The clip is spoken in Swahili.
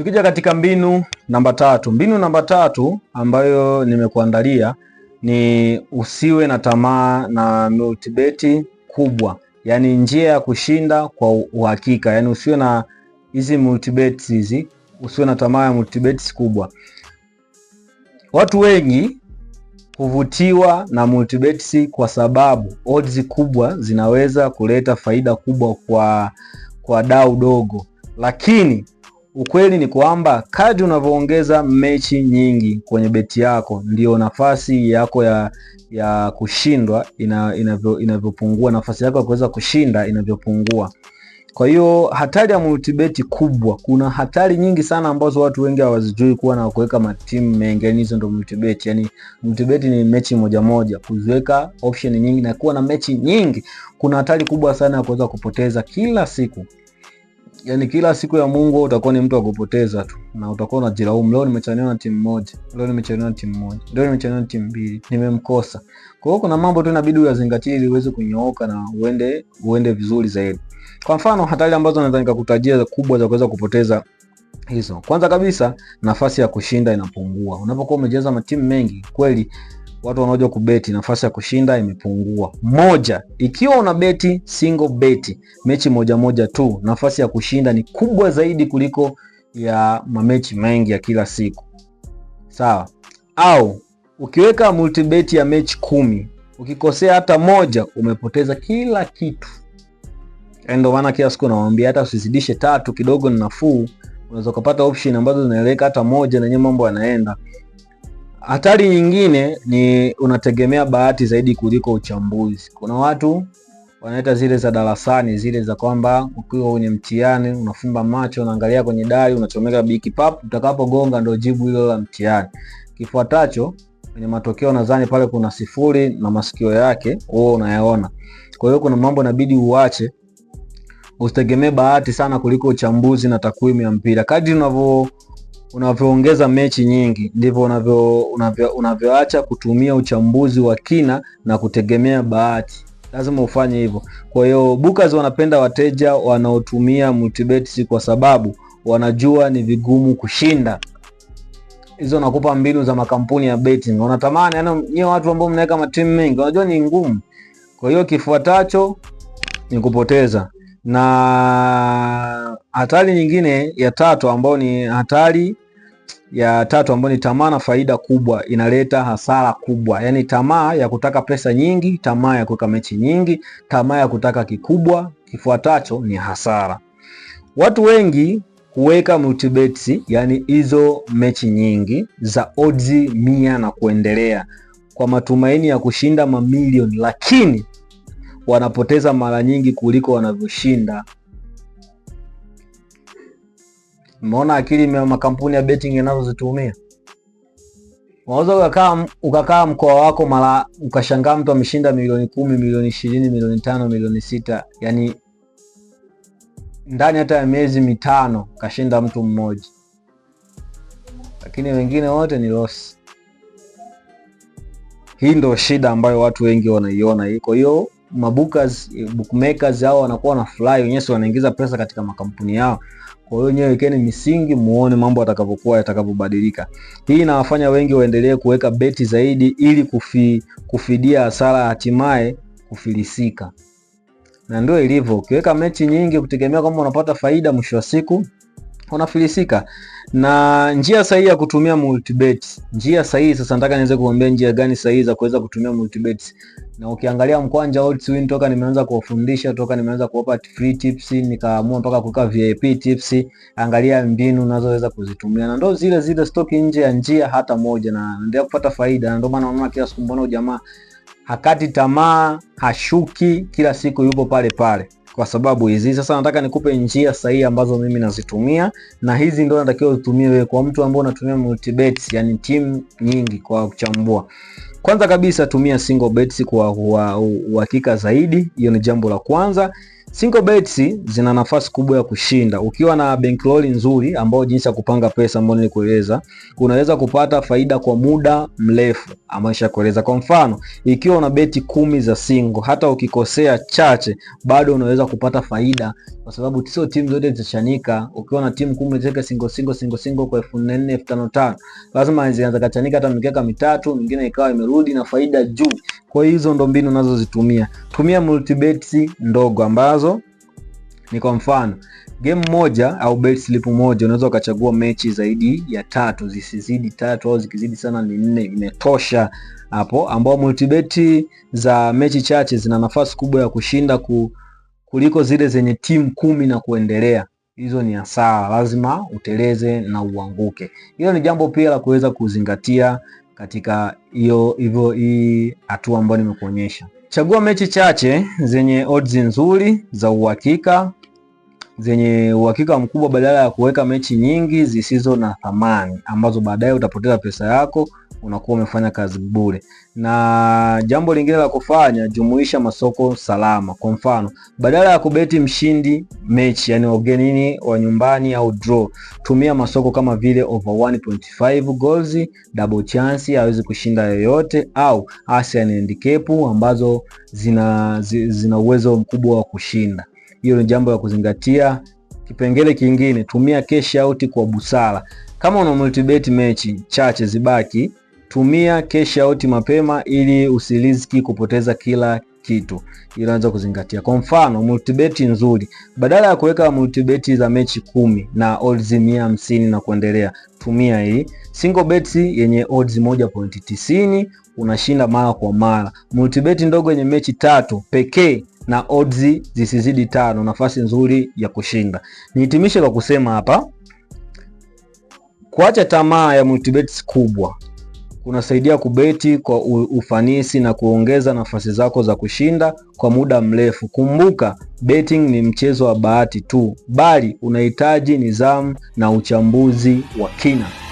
Tukija katika mbinu namba tatu, mbinu namba tatu ambayo nimekuandalia ni usiwe na tamaa na multibeti kubwa, yaani njia ya kushinda kwa uhakika. Yaani usiwe na hizi multibeti hizi, usiwe na tamaa ya multibeti kubwa. Watu wengi huvutiwa na multibeti kwa sababu odds kubwa zinaweza kuleta faida kubwa kwa kwa dau dogo, lakini Ukweli ni kwamba kadri unavyoongeza mechi nyingi kwenye beti yako ndio nafasi yako ya ya kushindwa inavyopungua, ina, nafasi yako ya kuweza kushinda inavyopungua. Kwa hiyo hatari ya multibeti kubwa, kuna hatari nyingi sana ambazo watu wengi hawazijui kuwa na kuweka matimu mengi, yani hizo ndo multibeti. Yani multibeti ni mechi moja moja, kuziweka option nyingi na kuwa na mechi nyingi, kuna hatari kubwa sana ya kuweza kupoteza kila siku yani kila siku ya Mungu utakuwa ni mtu wa kupoteza tu na utakuwa unajilaumu, leo nimechelewa na timu moja, leo nimechelewa na timu moja, leo nimechelewa na timu mbili, nimemkosa. Kwa hiyo kuna mambo tu inabidi uyazingatie ili uweze kunyooka na uende uende vizuri zaidi. Kwa mfano, hatari ambazo naweza nikakutajia kubwa za kuweza kupoteza hizo, kwanza kabisa, nafasi ya kushinda inapungua. Unapokuwa umejaza matimu mengi kweli watu wanaoja kubeti, nafasi ya kushinda imepungua. Moja, ikiwa una beti single beti, mechi moja moja tu, nafasi ya kushinda ni kubwa zaidi kuliko ya mamechi mengi ya kila siku, sawa? Au ukiweka multibeti ya mechi kumi, ukikosea hata moja, umepoteza kila kitu. Eh, ndio maana kila siku nawambia hata usizidishe tatu, kidogo ni nafuu. Unaweza kupata option ambazo zinaeleweka hata moja na nyinyi mambo yanaenda Hatari nyingine ni unategemea bahati zaidi kuliko uchambuzi. Kuna watu wanaita zile za darasani, zile za kwamba ukiwa kwenye mtihani unafumba macho, unaangalia kwenye dari, unachomeka biki pap, utakapogonga ndio jibu hilo la mtihani. Kifuatacho kwenye matokeo, nadhani pale kuna sifuri na masikio yake wewe unayaona. Kwa hiyo kuna mambo inabidi uache, usitegemee bahati sana kuliko uchambuzi na takwimu ya mpira. Kadri unavyo unavyoongeza mechi nyingi ndivyo unavyoacha unavyo, unavyo kutumia uchambuzi wa kina na kutegemea bahati. Lazima ufanye hivyo. Kwa hiyo Bookers wanapenda wateja wanaotumia multibets kwa sababu wanajua ni vigumu kushinda. Hizo nakupa mbinu za makampuni ya betting. Wanatamani yani, nyie watu ambao mnaweka matimu mengi unajua ni ngumu, kwa hiyo kifuatacho ni kupoteza na Hatari nyingine ya tatu ambayo ni hatari ya tatu ambayo ni tamaa na faida kubwa inaleta hasara kubwa, yaani tamaa ya kutaka pesa nyingi, tamaa ya kuweka mechi nyingi, tamaa ya kutaka kikubwa. Kifuatacho ni hasara. Watu wengi huweka multibets, yani hizo mechi nyingi za odds mia na kuendelea kwa matumaini ya kushinda mamilioni, lakini wanapoteza mara nyingi kuliko wanavyoshinda Umeona akili makampuni ya betting yanazozitumia. Unaweza ukakaa ukakaa mkoa wako mara ukashangaa mtu ameshinda milioni kumi, milioni ishirini, milioni tano, milioni sita, yani ndani hata ya miezi mitano kashinda mtu mmoja, lakini wengine wote ni loss. Hii ndio shida ambayo watu wengi wanaiona hii. hiyo mabukas eh, bookmakers hao wanakuwa na fly wenyewe, wanaingiza pesa katika makampuni yao. Kwa hiyo nyewe wekeni misingi, muone mambo yatakavyokuwa yatakavyobadilika. Hii inawafanya wengi waendelee kuweka beti zaidi ili kufi, kufidia hasara hatimaye kufilisika, na ndio ilivyo. Ukiweka mechi nyingi kutegemea kwamba unapata faida, mwisho wa siku unafilisika. Na njia sahihi ya kutumia multibet, njia sahihi sasa, nataka niweze kuombea njia gani sahihi za kuweza kutumia multibet na ukiangalia Mkwanja Odds Win toka nimeanza kuwafundisha, toka nimeanza kuwapa free tips, nikaamua mpaka kuweka VIP tips. Angalia mbinu unazoweza kuzitumia, na ndo zile zile stock nje ya njia hata moja, na ndio kupata faida. Na ndio maana unaona kila siku, mbona ujamaa hakati tamaa, hashuki, kila siku yupo pale pale kwa sababu hizi. Sasa nataka nikupe njia sahihi ambazo mimi nazitumia, na hizi ndio natakiwa utumie wewe, kwa mtu ambaye unatumia multibets, yani timu nyingi kwa kuchambua. Kwanza kabisa tumia single bets kwa uhakika zaidi, hiyo ni jambo la kwanza. Single bets zina nafasi kubwa ya kushinda. Ukiwa na bankroll nzuri, ambayo jinsi ya kupanga pesa ambayo nilikueleza, unaweza kupata faida kwa muda mrefu ambayo nishakueleza. Kwa mfano, ikiwa una beti kumi za single, hata ukikosea chache, bado unaweza kupata faida, kwa sababu sio timu zote zitachanika. Ukiwa na timu kumi zake single single single single kwa elfu nne elfu tano tano, lazima zianza kachanika, hata mikeka mitatu mingine ikawa imerudi na faida juu. Kwa hiyo hizo ndo mbinu unazozitumia. Tumia multibets ndogo ambazo ni kwa mfano game moja au bet slip moja unaweza ukachagua mechi zaidi ya tatu, zisizidi tatu au zikizidi sana ni nne, imetosha hapo, ambao multibeti za mechi chache zina nafasi kubwa ya kushinda ku, kuliko zile zenye timu kumi na kuendelea. Hizo ni hasara, lazima uteleze na uanguke. Hilo ni jambo pia la kuweza kuzingatia katika hiyo hivyo hii hatua ambayo nimekuonyesha. Chagua mechi chache zenye odds nzuri za uhakika zenye uhakika mkubwa badala ya kuweka mechi nyingi zisizo na thamani ambazo baadaye utapoteza pesa yako, unakuwa umefanya kazi bure. Na jambo lingine la kufanya, jumuisha masoko salama. Kwa mfano, badala ya kubeti mshindi mechi, yani ugenini wa nyumbani au draw, tumia masoko kama vile over 1.5 goals, double chance, hawezi kushinda yoyote, au asian handicap ambazo zina, zina uwezo mkubwa wa kushinda. Hiyo ni jambo la kuzingatia. Kipengele kingine, tumia cash out kwa busara. Kama una multibet mechi chache zibaki, tumia cash out mapema ili usiriski kupoteza kila kitu. Hilo unaweza kuzingatia. Kwa mfano, multibet nzuri, badala ya kuweka multibet za mechi kumi na odds hamsini na kuendelea, tumia hii single bet yenye odds 1.90 unashinda mara kwa mara. Multibet ndogo yenye mechi tatu pekee na odds zisizidi tano, nafasi nzuri ya kushinda. Nihitimishe kwa kusema hapa, kuacha tamaa ya multibets kubwa kunasaidia kubeti kwa ufanisi na kuongeza nafasi zako za kushinda kwa muda mrefu. Kumbuka, betting ni mchezo wa bahati tu, bali unahitaji nidhamu na uchambuzi wa kina.